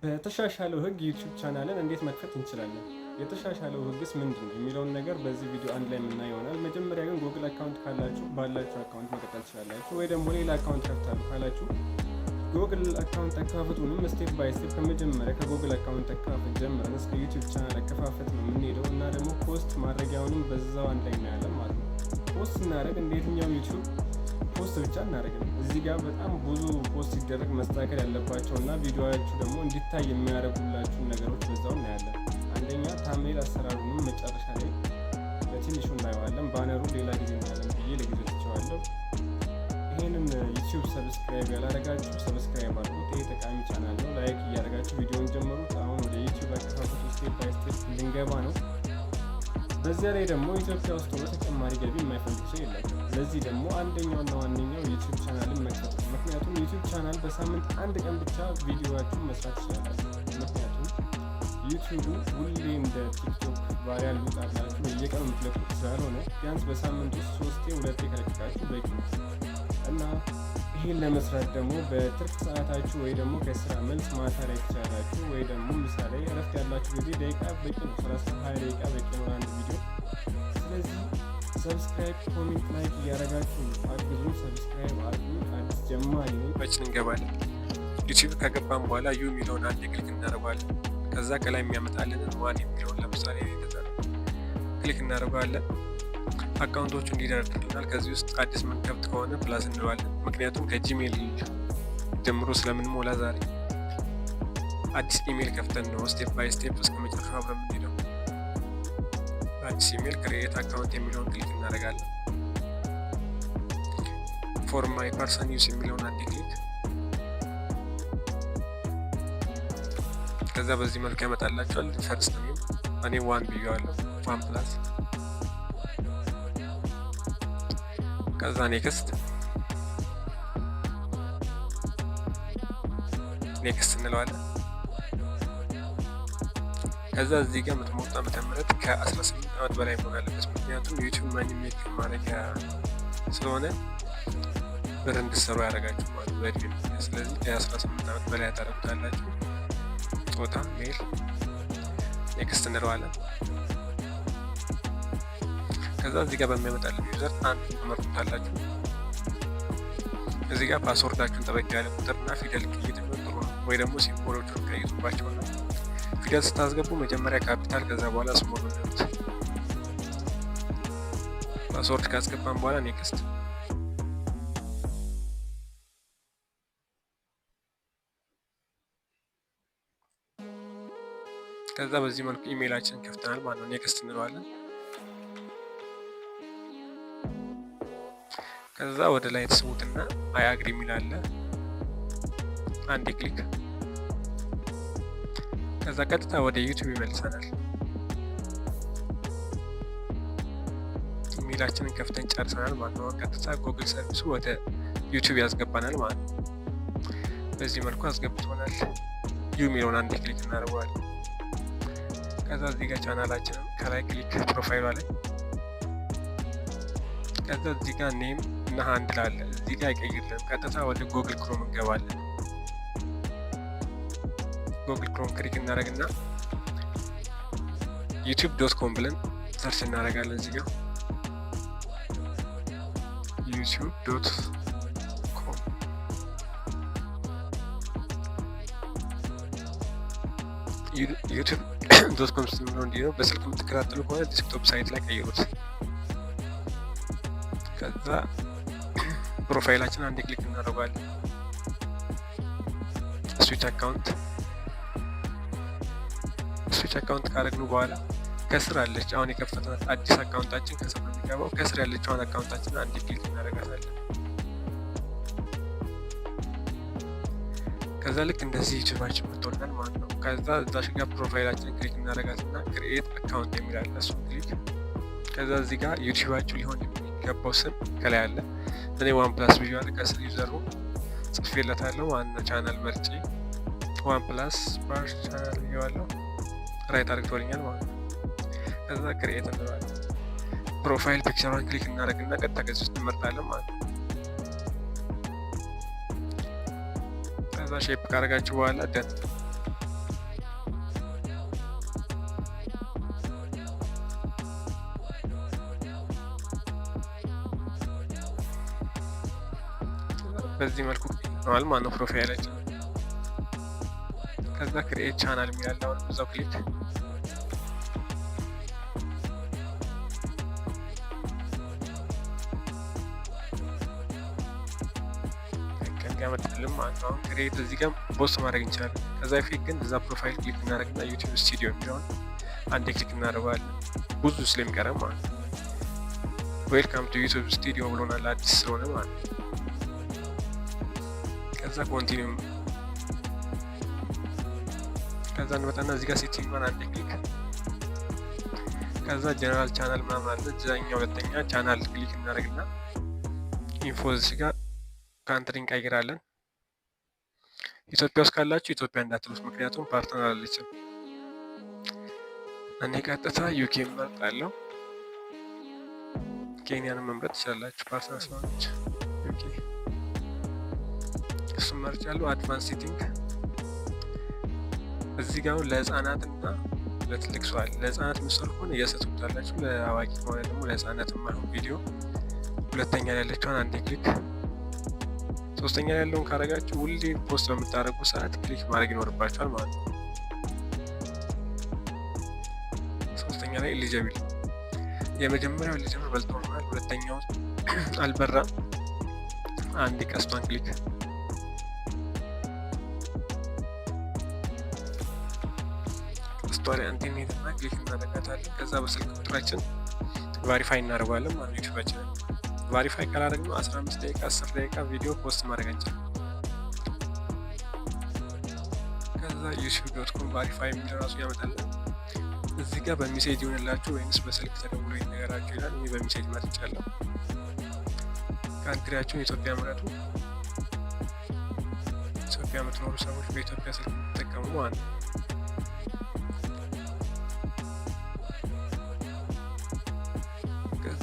በተሻሻለው ህግ ዩቲዩብ ቻናልን እንዴት መክፈት እንችላለን? የተሻሻለው ህግስ ምንድን ነው የሚለውን ነገር በዚህ ቪዲዮ አንድ ላይ የምናየው ይሆናል። መጀመሪያ ግን ጉግል አካውንት ካላችሁ ባላችሁ አካውንት መቀጠል ትችላላችሁ፣ ወይ ደግሞ ሌላ አካውንት ከፍታሉ ካላችሁ ጉግል አካውንት አከፋፈቱንም ስቴፕ ባይ ስቴፕ ከመጀመሪያ ከጎግል አካውንት አከፋፈት ጀምረን እስከ ዩቲዩብ ቻናል አከፋፈት ነው የምንሄደው እና ደግሞ ፖስት ማድረጊያውንም በዛው አንድ ላይ እናያለን ማለት ነው። ፖስት ስናደርግ እንደ ዩቲዩብ ፖስት ብቻ እናደርግም። እዚህ ጋር በጣም ብዙ ፖስት ሲደረግ መስተካከል ያለባቸው እና ቪዲዮዎቹ ደግሞ እንዲታይ የሚያደርጉላችሁን ነገሮች በዛው እናያለን። አንደኛ ታምኔል አሰራሩንም መጨረሻ ላይ በትንሹ እናየዋለን። ባነሩ ሌላ ጊዜ እናያለን ብዬ ለጊዜ ትቸዋለሁ። ይህንን ዩቲዩብ ሰብስክራይብ ያላደረጋችሁ ሰብስክራይብ አድርጉት። ይህ ጠቃሚ ቻናል ነው። ላይክ እያደረጋችሁ ቪዲዮን ጀምሩት። አሁን ወደ ዩቲዩብ አከፋፈቱ ስቴፕ ባይ ስቴፕ ልንገባ ነው። በዚያ ላይ ደግሞ ኢትዮጵያ ውስጥ ሆኖ ተጨማሪ ገቢ የማይፈልግ ሰው የለም። ለዚህ ደግሞ አንደኛውና ዋነኛው ዩቲዩብ ቻናልን መክፈት። ምክንያቱም ዩቲዩብ ቻናል በሳምንት አንድ ቀን ብቻ ቪዲዮዎችን መስራት ይችላል። ምክንያቱም ዩቲዩቡ ሁሌ እንደ ቲክቶክ ቫሪያል ልውጣላችሁ በየቀኑ የምትለቁት ስላልሆነ ቢያንስ በሳምንት ውስጥ ሶስቴ ሁለቴ ከለቀቃችሁ በቂ ነው። እና ይህን ለመስራት ደግሞ በትርፍ ሰዓታችሁ ወይ ደግሞ ከስራ መልስ ማታ ላይ ትችላላችሁ፣ ወይ ደግሞ ምሳሌ እረፍት ያላችሁ ጊዜ ደቂቃ በቂ ነው። ስራ ሀያ ደቂቃ በቂ ነው አንድ ቪዲዮ። ስለዚህ ሰብስክራይብ፣ ኮሜንት፣ ላይክ እያደረጋችሁ አግዙ። ሰብስክራይብ አሉ አዲስ ጀማሪ በጭን እንገባለን። ዩቲዩብ ከገባን በኋላ ዩ የሚለውን አንድ ክሊክ እናደርጋለን። ከዛ ከላይ የሚያመጣልንን ዋን የሚለውን ለምሳሌ ክሊክ እናደርጋለን። አካውንቶቹ እንዲደረድርልናል። ከዚህ ውስጥ አዲስ ምንከብት ከሆነ ፕላስ እንለዋለን። ምክንያቱም ከጂሜል ጀምሮ ስለምንሞላ ዛሬ አዲስ ኢሜል ከፍተን ነው ስቴፕ ባይ ስቴፕ እስከ መጨረሻ አብረን የምንሄደው። በአዲስ ኢሜል ክሬኤት አካውንት የሚለውን ክሊክ እናደርጋለን። ፎር ማይ ፐርሰን ዩስ የሚለውን አንድ ክሊክ ከዛ በዚህ መልክ ያመጣላቸዋል። ፈርስት ኔም እኔ ዋን ብያዋለሁ፣ ዋን ፕላስ ከዛ ኔክስት ኔክስት እንለዋለን። ከዛ እዚህ ጋር የምትሞጣ መተምረት ከ18 ዓመት በላይ መሆን አለበት። ምክንያቱም ዩቲዩብ ማኒሜት ማድረጊያ ስለሆነ ብር እንድሰሩ ያደረጋችሁ ማለት በእድሜ ስለዚህ ከ18 ዓመት በላይ ያጠረጉታላችሁ። ጾታ፣ ሜል ኔክስት እንለዋለን። ከዛ እዚህ ጋር በሚያመጣል ዩዘር አንድ ትመርጡታላችሁ። እዚህ ጋር ፓስወርዳችሁን ጠበቅ ያለ ቁጥርና ፊደል ቅይጥ ጥሩ ነው፣ ወይ ደግሞ ሲምቦሎቹን ቀይጡባቸው ነው። ፊደል ስታስገቡ መጀመሪያ ካፒታል ከዛ በኋላ ስሞል ነት ፓስወርድ ካስገባን በኋላ ኔክስት ከዛ በዚህ መልኩ ኢሜይላችን ከፍተናል ማለት ነው። ኔክስት እንለዋለን። ከዛ ወደ ላይ ትስቡትና አይ አግሪ የሚል አንድ ክሊክ ከዛ ቀጥታ ወደ ዩቲዩብ ይመልሰናል። ኢሜይላችንን ከፍተን ጨርሰናል ማለት ነው። ቀጥታ ጉግል ሰርቪሱ ወደ ዩቲዩብ ያስገባናል ማለት ነው። በዚህ መልኩ አስገብቶናል። ዩ የሚለውን አንድ ክሊክ እናደርገዋለን። ከዛ እዚህ ጋር ቻናላችንን ከላይ ክሊክ ፕሮፋይሏ ላይ ከዛ እዚህ ጋር ኔም እና አንድ ላለ እዚህ ላይ አይቀይርልም። ቀጥታ ወደ ጎግል ክሮም እንገባለን። ጎግል ክሮም ክሊክ እናደረግና ዩቲዩብ ዶት ኮም ብለን ሰርች እናደርጋለን። እዚህ ጋር ዩቲዩብ ዶት ዩቱብ ዶት ኮም ስትምሮ እንዲህ ነው። በስልክ የምትከታተሉ ከሆነ ዲስክቶፕ ሳይት ላይ ቀይሩት። ከዛ ፕሮፋይላችን አንድ ክሊክ እናደርጋለን። ስዊች አካውንት ስዊች አካውንት ካደረግን በኋላ ከስር አለች አሁን የከፈትናት አዲስ አካውንታችን ከስር ነው የሚገባው። ከስር ያለችውን አካውንታችን አንድ ክሊክ እናደርጋታለን። ከዛ ልክ እንደዚህ ዩቲዩባችን መጥቶልናል ማለት ነው። ከዛ እዛሽ ጋር ፕሮፋይላችን ክሊክ እናደርጋትና ክሪኤት አካውንት የሚላለ እሱን ክሊክ ከዛ እዚህ ጋር ዩቲዩባችሁ ሊሆን ያስገባው ስም ከላይ አለ። እኔ ዋን ፕላስ ብያለሁ። ከስር ዩዘሩ ጽፌለታለሁ። ዋና ቻናል መርጪ ዋን ፕላስ ባር ቻናል ብያለሁ። ራይት አድርግቶልኛል ማለት ነው። ከዛ ክሬት እንለዋለን። ፕሮፋይል ፒክቸሯን ክሊክ እናደርግና ቀጥታ ገጽ ውስጥ እንመርጣለን ማለት ነው። ከዛ ሼፕ ካደረጋችሁ በኋላ ደት በዚህ መልኩ ነዋል ማነው ፕሮፋይል ፕሮፋይላችን። ከዛ ክሪኤት ቻናል የሚላለ አሁን እዛው ክሊክ ያመጣልን ማለት ነው። ክሬት እዚህ ጋር ቦስ ማድረግ እንችላለን። ከዛ በፊት ግን እዛ ፕሮፋይል ክሊክ እናደረግና ዩቲዩብ ስቱዲዮ የሚለውን አንድ ክሊክ እናደርገዋለን ብዙ ስለሚቀረም ማለት ነው። ዌልካም ቱ ዩቲዩብ ስቱዲዮ ብሎናል አዲስ ስለሆነ ማለት ነው። ከዛ ኮንቲኒው ከዛ እንመጣና እዚህ ጋር ሴቲንግን አንድ ክሊክ ከዛ ጀነራል ቻናል ምናምን አለ። እዚያኛ ሁለተኛ ቻናል ክሊክ እናደርግና ኢንፎዝ ጋር ካንትሪ እንቀይራለን። ኢትዮጵያ ውስጥ ካላችሁ ኢትዮጵያ እንዳትሉት፣ ምክንያቱም ፓርትነር አለችም። እኔ ቀጥታ ዩኬ መርጣለሁ። ኬንያን መምረጥ ትችላላችሁ ፓርትነር ስለሆነች ዩኬ እሱ መርጫለሁ። አድቫንስ ሲቲንግ እዚህ ጋር ለህፃናት እና ለትልቅ ሰዋል ለህፃናት ምስል ከሆነ እያሰጡታላችሁ፣ ለአዋቂ ከሆነ ደግሞ ለህፃናት የማይሆን ቪዲዮ። ሁለተኛ ላይ ያለችውን አንዴ ክሊክ፣ ሶስተኛ ላይ ያለውን ካረጋችሁ ሁሌ ፖስት በምታደረጉ ሰዓት ክሊክ ማድረግ ይኖርባችኋል ማለት ነው። ሶስተኛ ላይ ኤሊጀብል የመጀመሪያው ኤሊጀብል በልጦ ሁለተኛው አልበራም። አንዴ ቀስቷን ክሊክ መተግበሪያ እንደሚሄድና ክሊክ እናደርጋታለን። ከዛ በስልክ ቁጥራችን ቫሪፋይ እናደርጓለን ማለት ዩቲዩባችንን ቫሪፋይ ካላደረግነው 15 ደቂቃ 10 ደቂቃ ቪዲዮ ፖስት ማድረግ አንችልም። ከዛ ዩቲዩብ ዶት ኮም ቫሪፋይ የሚል ራሱ ያመጣለን። እዚህ ጋር በሚሴጅ ይሆንላችሁ ወይምስ በስልክ ተደውሎ ይነገራችሁ ይላል። እኔ በሚሴጅ መጥቻለሁ። ካንትሪያችሁን ኢትዮጵያ ምረጡ። ኢትዮጵያ የምትኖሩ ሰዎች በኢትዮጵያ ስልክ የምትጠቀሙ ማለት ነው።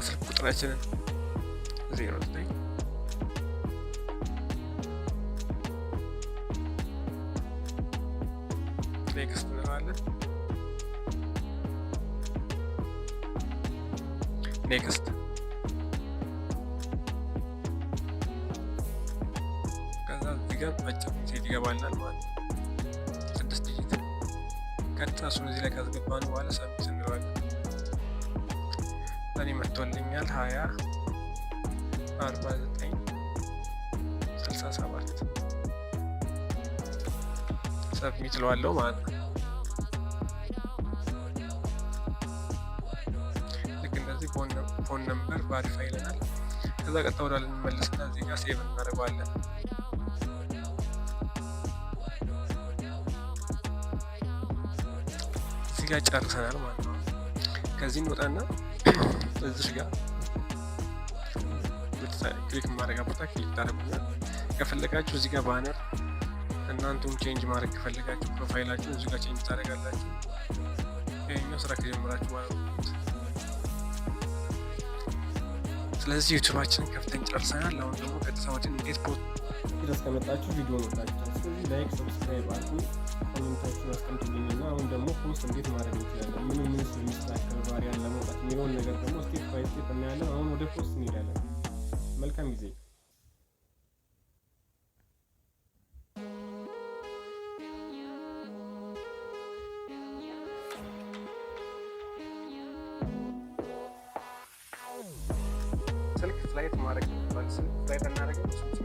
እና ስልክ ቁጥራችንን 09 ኔክስት እንለዋለን። ኔክስት ከዛ እዚህ ጋር አጭር ሜሴጅ ማለት ስድስት ዲጂት ቀጥታ እሱን እዚህ ላይ ካስገባን በኋላ ሳብሚት እንለዋለን። እኔ መጥቶልኛል ሀያ አርባ ዘጠኝ ስልሳ ሰባት ሰብሚት ለዋለው ማለት ነው። ልክ እንደዚህ ፎን ነምበር ቫሪፋይ ይለናል። ከዛ ቀጥታ ወዳለ እንመለስና እዚህ ጋር ሴቭ እናደርገዋለን። እዚህ ጋር ጨርሰናል ማለት ነው። ከዚህ እንወጣና እዚህ ጋር ክሊክ ማድረግ ቦታ ክሊክ ታደረጉኛል። ከፈለጋችሁ እዚህ ጋር ባነር እናንተም ቼንጅ ማድረግ ከፈለጋችሁ ፕሮፋይላችሁ እዚህ ጋር ቼንጅ ታደረጋላችሁ። ይህኛው ስራ ከጀመራችሁ ማለት ነው። ስለዚህ ዩቱባችንን ከፍተን ጨርሰናል። አሁን ደግሞ ከጥሰዋችን እንዴት ድረስ ከመጣችሁ ቪዲዮ መጣችኋል። ስለዚህ ላይክ፣ ሰብስክራይብ አድርጉ፣ ኮሜንታችሁን አስቀምጡልኝና አሁን ደግሞ ፖስት እንዴት ማድረግ እንችላለን፣ ምን ምን ስለሚስተካከል ባህሪያን ለመውጣት የሚለውን ነገር ደግሞ ስቴፕ ባይ ስቴፕ እናያለን። አሁን ወደ ፖስት እንሄዳለን። መልካም ጊዜ። ስልክ ፍላይት ማድረግ ስልክ ፍላይት እናደረግ ስልክ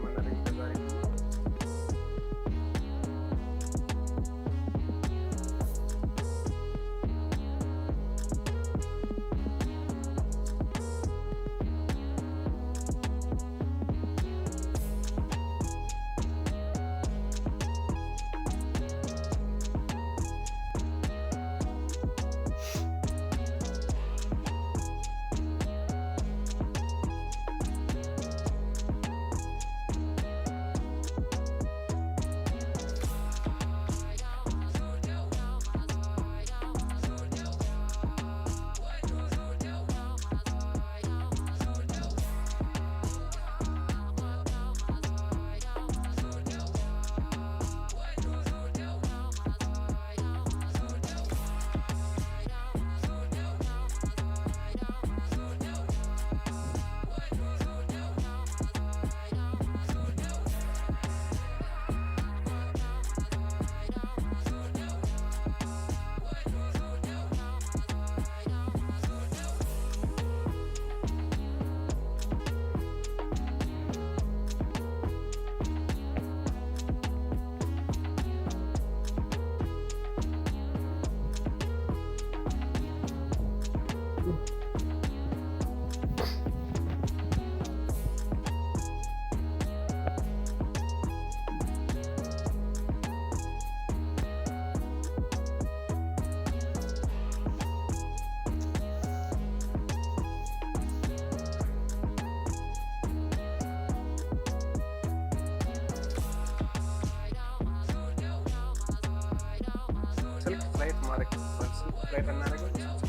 Marek Kowalski. Tutaj ten Marek.